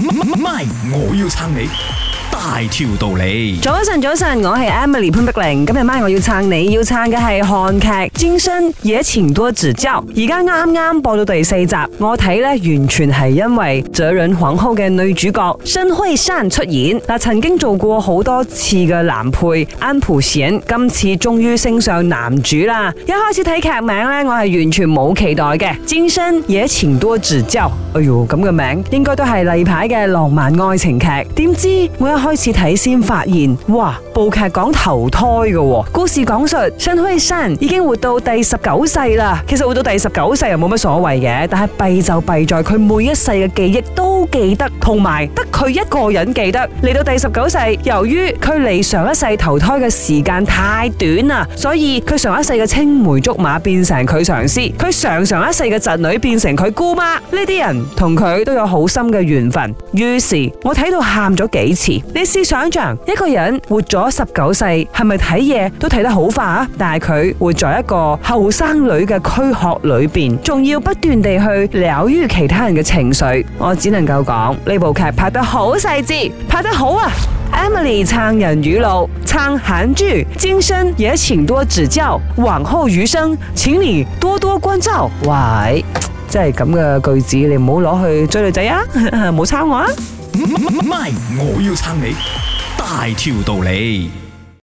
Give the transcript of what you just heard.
唔，唔，MY，我要撐你。大條道理，早晨早晨，我係 Emily 潘碧玲，今日晚我要撐你，要撐嘅係韓劇《今生也請多指教》。而家啱啱播到第四集，我睇呢完全係因為哲仁皇后嘅女主角申惠善出演，嗱，曾經做過好多次嘅男配安普賢，今次終於升上男主啦。一開始睇劇名呢，我係完全冇期待嘅，《今生也請多指教》。哎呦咁嘅名應該都係例牌嘅浪漫愛情劇，點知我一開開始睇先發現，哇！部劇講投胎嘅喎，故事講述 Sun Hui Sun 已經活到第十九世啦。其實活到第十九世又冇乜所謂嘅，但係弊就弊在佢每一世嘅記憶都都記得同埋得佢一個人記得，嚟到第十九世，由於佢離上一世投胎嘅時間太短啦，所以佢上一世嘅青梅竹馬變成佢上司，佢上上一世嘅侄女變成佢姑媽，呢啲人同佢都有好深嘅緣分。於是，我睇到喊咗幾次。你試想象一個人活咗十九世，係咪睇嘢都睇得好快？但係佢活在一個後生女嘅軀殼裏邊，仲要不斷地去了于其他人嘅情緒，我只能。有講呢部劇拍得好細致，拍得好啊！Emily 撐人語錄，撐韓劇，今生也請多指教，往後餘生請你多多關照。喂，即係咁嘅句子，你唔好攞去追女仔啊！冇好撐我啊！唔係，我要撐你，大條道理。